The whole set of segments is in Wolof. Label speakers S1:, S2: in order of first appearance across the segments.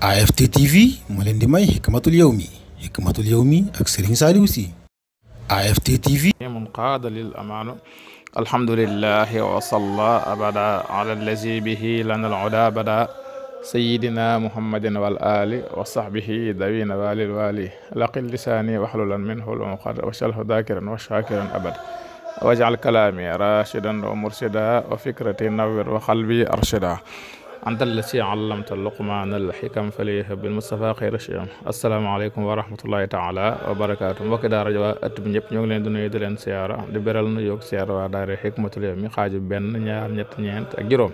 S1: AFT TV moo leen di may xikmatul yawmi xikmatul yawmi ak Serigne Saliou Sy AFT TV mun qaada lil amaanu alhamdulillahi wa salla abada ala allazi bihi lana al-uda bada sayyidina muhammadin wal ali wa sahbihi dawina walil wali laqil lisani waxlulan minhu al-uqad wa shalhu dakiran wa shakiran abada waj'al kalami rashidan wa mursida wa fikrati nawwir wa qalbi arshida antal allati allamta luqmaana alxikam faliyahab bil mustafa xayra shiyam asalaamaaleykum wa rahmatullahi taala wa barakaatu mbokki daara ji waa ëtt bi ñëpp ñoo ngi leen di nuyu di leen siyaara di beral nu yoog siyaara waa daara xikmatul yawmi xaaju benn ñaar ñett ñeent ak juróom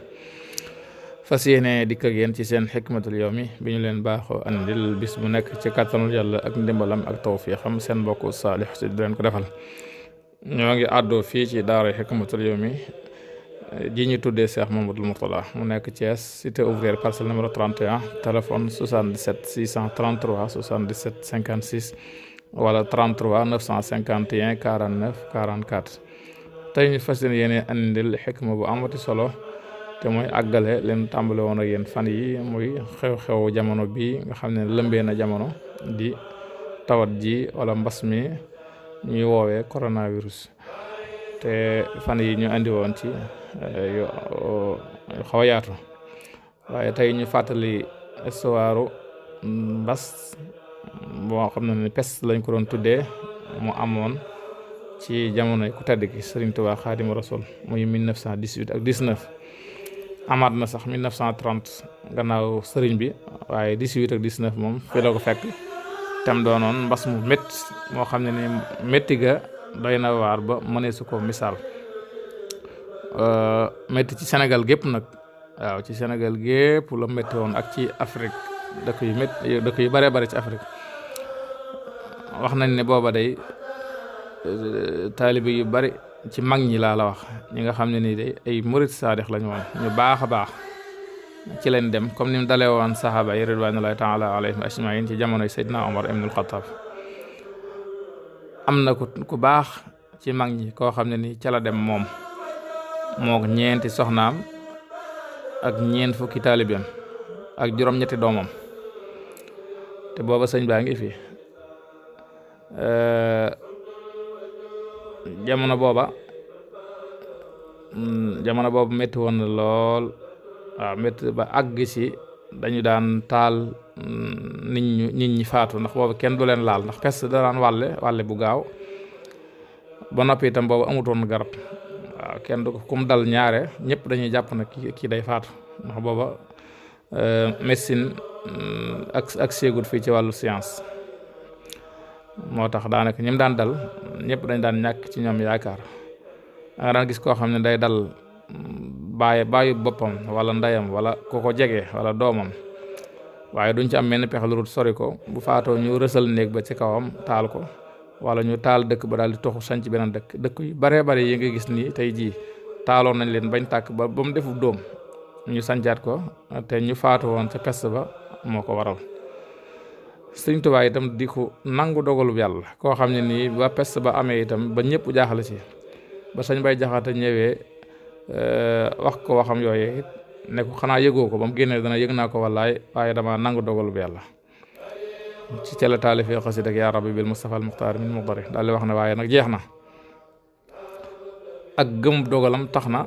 S1: fas yéene dikk ak ci seen xikmatul yawmi bi ñu leen baaxoo andil bis bu nekk ci kàttanul yàlla ak ndimbalam ak tawfiixam seen mbokku saalix si di leen ko defal ñoo ngi àddoo fii ci daara ji ñu tuddee Cheikh Mamadou Mourtada mu nekk Thiès cité ouvrière parcelle numéro 31 téléphone 77 633 77 56 wala 33 951 49 44 tey ñu fas yéene andil xikma bu amati solo te mooy àggale leen tàmbale woon ak yéen fan yi muy xew-xew jamono bi nga xam ne lëmbee na jamono di tawat ji wala mbas mi ñuy woowee coronavirus te fan yi ñu andi woon ci Eh, yu waaye tey ñu fàttali istuwaaru mbas boo xam ne pes lañ ko doon tuddee mu amoon ci jamono ku tedd ki Sëriñ Tuubaa Xaadimu Rasuul muy 1918 ak 19 amaat na sax 1930 gannaaw sëriñ bi waaye 18 ak 19 moom fii la ko fekk tam doonoon mbas mu métti moo xam ne ni métti ga doy na waar ba mënee su ko misaal Euh, métti ci senegal gépp nag waaw ci senegal gépp la métti woon ak ci Afrique dëkk yu métti dëkk yu bare bare ci Afrique wax nañ ne booba day euh, taalibe yu bari ci mag ñi laa la wax ñi nga xam ne nii day ay murit saadix lañu woon ñu baax a baax ci leen dem comme ni mu dalee woon saxaaba yi ridwanullahi taala alayhim ajmain ci jamonoy Seydina Omar ibnul Xataab am na ku ku baax ci mag ñi koo xam ne nii cala dem moom mook ñeenti soxnaam ak ñeent fukki taalibeem ak juróom-ñetti doomam te booba sëñ baa ngi fi jamono booba mm, jamono boobu métti woon na lool waaw métti ba àgg si dañu daan taal mm, nit ñu nit ñi faatu ndax boobu kenn du leen laal ndax peste da daan wàlle wàlle bu gaaw ba noppi itam boobu amutoon garab waaw kenn du ko kum dal ñaare ñëpp dañuy jàpp na kii day faatu ndax booba euh, médecine mm, ak ak séegut fii ci wàllu science moo tax daanaka ñim daan dal ñëpp dañ daan ñàkk ci ñoom yaakaar da nga daan gis koo xam ne day dal mm, bàyyi bàyyi boppam wala ndeyam wala ku ko jege walla doomam waaye duñ ci am benn pexe lu dul sori ko bu faatoo ñu rësal néeg ba ci kawam taal ko wala ñu taal dëkk ba daal di toxu sanc beneen dëkk dëkk yu baree bare yi nga gis nii tey jii taaloon nañ leen bañ tàkk ba ba mu defu dóom ñu sancaat ko te ñu faatu woon ca pest ba moo ko waral sëñ itam di ko nangu dogalub yàlla koo xam ne nii ba pest ba amee itam ba ñëpp jaaxle si ba sañ bay jaxaate ñëwee eh, wax ko waxam yooyu ne ko xanaa yëgoo ko ba mu génnee dana yëg naa ko wallaay waaye dama nangu dogalub yàlla ci ca la taalifee xasida ak yaa rabbi bil Mustafa al Muxtaar min muqdari daal di wax ne waaye nag jeex na ak gëm dogalam tax na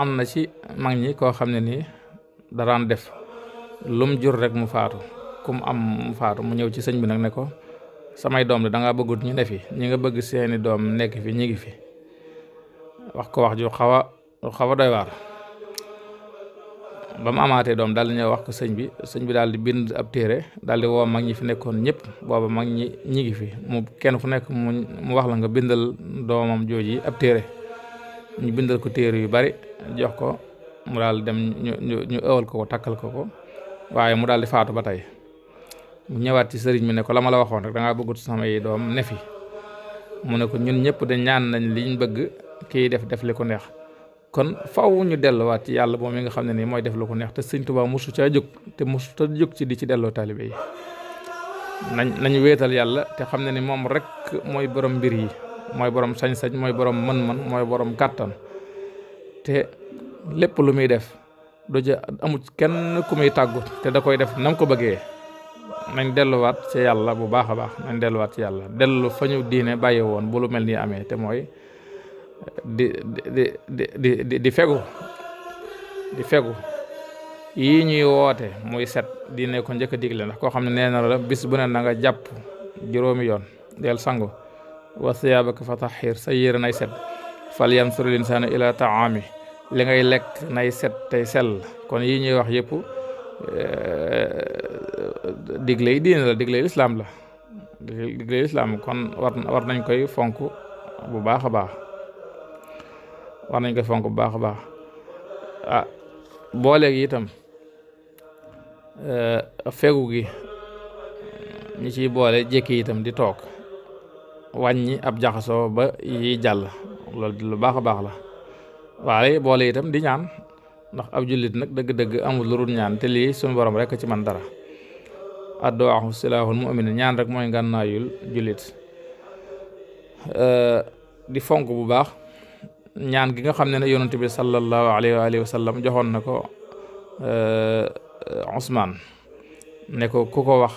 S1: am na ci mag ñi koo xam ne nii daraan def lum jur rek mu faatu kum am mu faatu mu ñëw ci sëñ bi nag ne ko samay doom de da ngaa bëggut ñu ne fi ñu nga bëgg seeni doom nekk fi ñu ngi fi wax ko wax ju xaw a xaw a doy waar. ba mu amaatee doom daal di wax ko sëñ bi sëñ bi daal di bind ab téere daldi woo mag ñi fi nekkoon ñëpp booba mag ñi ñi ngi fi mu kenn ku nekk mu mu wax la nga bindal doomam jooji ab téere ñu bindal ko téere yu bari jox ko mu daal dem ñu ñu ko ko takkal ko ko waaye mu daal di faatu ba tey mu ñëwaat ci sëriñ bi ne ko la ma la waxoon rek da ngaa bëggut samay doom ne fi mu ne ko ñun ñëpp de ñaan nañ liñ bëgg kii def def li ko neex. kon faaw ñu delluwaat ci yàlla moom mi nga xam ne nii mooy def lu ko neex te sëñ Tuubaa mosu caa jóg te mosu ta jóg ci di ci delloo taalibe yi nañ nañu weetal yàlla te xam ne ni moom rek mooy borom mbir yi mooy borom sañ-sañ mooy borom mën-mën mooy borom kàttan te lépp lu muy def du ja amut kenn ku muy tàggu te da koy def nam ko bëggee nañ delluwaat ci yàlla bu baax a baax nañ delluwaat ci yàlla dellu fa ñu diine bàyyi woon bu lu mel nii amee te mooy di di di di di fegu di fegu yii ñuy woote muy set diine ko njëkk digle ndax koo xam ne nee na la bis bu ne na nga jàpp juróomi yoon del sango wa siyaabaka fa taxir sa yére nay set fal yansur linsaanu ila taami li ngay lekk nay set tey sel kon yii ñuy wax yëpp eh, digle yi diine la digle yi lislaam la digle yi lislaam kon war nañ koy fonk bu baax a baax war nañ ko fonk bu baax a baax ah booleeg itam eh, fegu gi ñi ciy boole jékki itam di toog wàññi ab jaxasoo ba yi jàll lool di lu baax a baax la waaye boole itam di ñaan ndax ab jullit nag dëgg-dëgg amul lu dul ñaan te lii suñu borom rek ci man dara adduwaahu silaahul mu'min ñaan rek mooy ngànnaayul jullit eh, di fonk bu baax ñaan gi nga xam ne ne yonent bi sallallahu alayhi wa alihi wa sallam joxoon na ko euh, Ousmane ne ko ku ko wax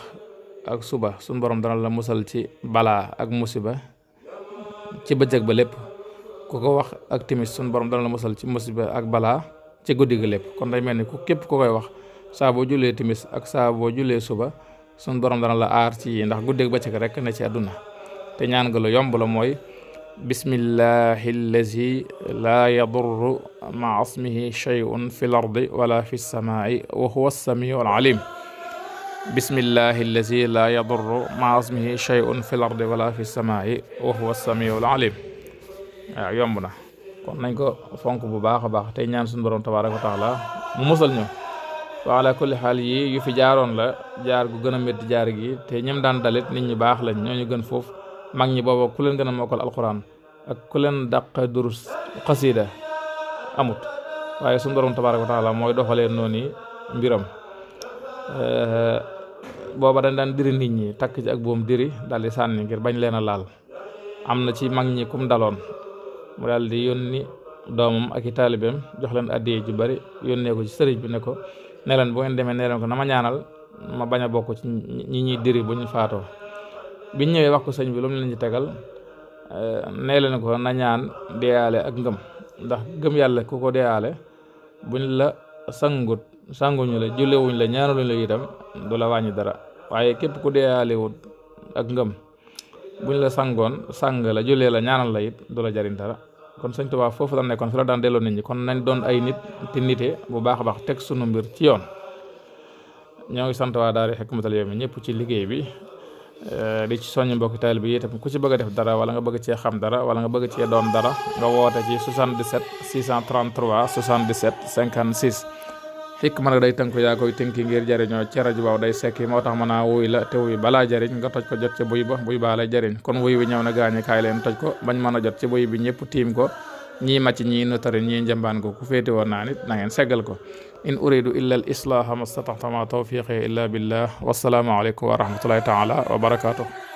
S1: ak suba suñ borom dana la musal ci balaa ak musiba ci bëccëg ba lépp ku ko wax ak timis suñ borom dana la musal ci musiba ak balaa ci guddi gi lépp kon day mel ni ku képp ku koy wax saa boo jullee timis ak saaboo boo jullee suba sun borom dana la aar ci yi ndax guddi ak bëccëg rek ne ci àdduna te ñaan nga lu yomb la mooy bismillahi allazi laa yadurru maa ismihi shay'un fi lardi wala fi samaai wa huwa samiu alalim bismillahi allazi laa yadurru maa ismihi shay'un fi lardi wala fi samaai wa huwa samiu alalim yomb na kon nañ ko fonk bu baax a baax te ñaan suñu borom tabaaraka wa mu musal ñu wa ala kulli xaal yi yu fi jaaroon la jaar gu gën a métti jaar gi te ñim daan dalit nit ñu baax lañ ñooñu gën foofu mag ñi booba ku leen gën a mokkal alxuraan ak ku leen dàq durus xasiida amut waaye suñu borom tabaaraka wa taala mooy doxalee noonu mbiram eh, booba dañ daan diri nit ñi takk ci ak boom diri daal di sànni ngir bañ leen a laal am na ci mag ñi kum daloon mu daal di yónni doomam ak i taalibeem jox leen addiye ju bari yónnee ko ci sëriñ bi ne ko ne leen bu ngeen demee nee leen ko na ma ñaanal ma bañ a bokk ci ñi ñuy diri bu ñu faatoo biñ ñëwee wax ko sëñ bi lu mu leen ci tegal eh, nee leen ko na ñaan deeyaale ak ngëm ndax gëm yàlla ku ko deeyaale buñ la sangut sanguñu la jullewuñ la ñaanaluñ la itam du la wàññi dara waaye képp ku deeyaale wut ak ngëm buñ la sangoon sang la jullee la ñaanal la it du la jariñ dara kon sëñ Tuubaa foofu la nekkoon fi la daan delloo nit ñi kon nañ doon ay nit te nite bu baax baax teg sunu mbir ci yoon ñoo ngi sant waa daara Hikmatul Yawmi ñëpp ci liggéey bi Eh, di ci soññ mbokki taal bi itam ku ci bëgg def dara wala nga bëgg cee xam dara wala nga bëgg cee doon dara nga woote ci 77 633 77 56 ma nag day tënk yaa koy tënki ngir jariñoo ci rajo waaw day sekki moo tax mën a wuy la te wuy balaa jariñ nga toj ko jot ci buy ba buy baa lay jariñ kon wuy wi ñaw na gaañi leen toj ko bañ mën a jot ci buy bi ñëpp tiim ko ñii màcc ñii notari ñii njambaan ko ku féete woon naa nit na ngeen ko in uridu illa al islaha mastataxtama tawfiqi illa billah wasalaamu aleykum wa rahmatullahi taala wa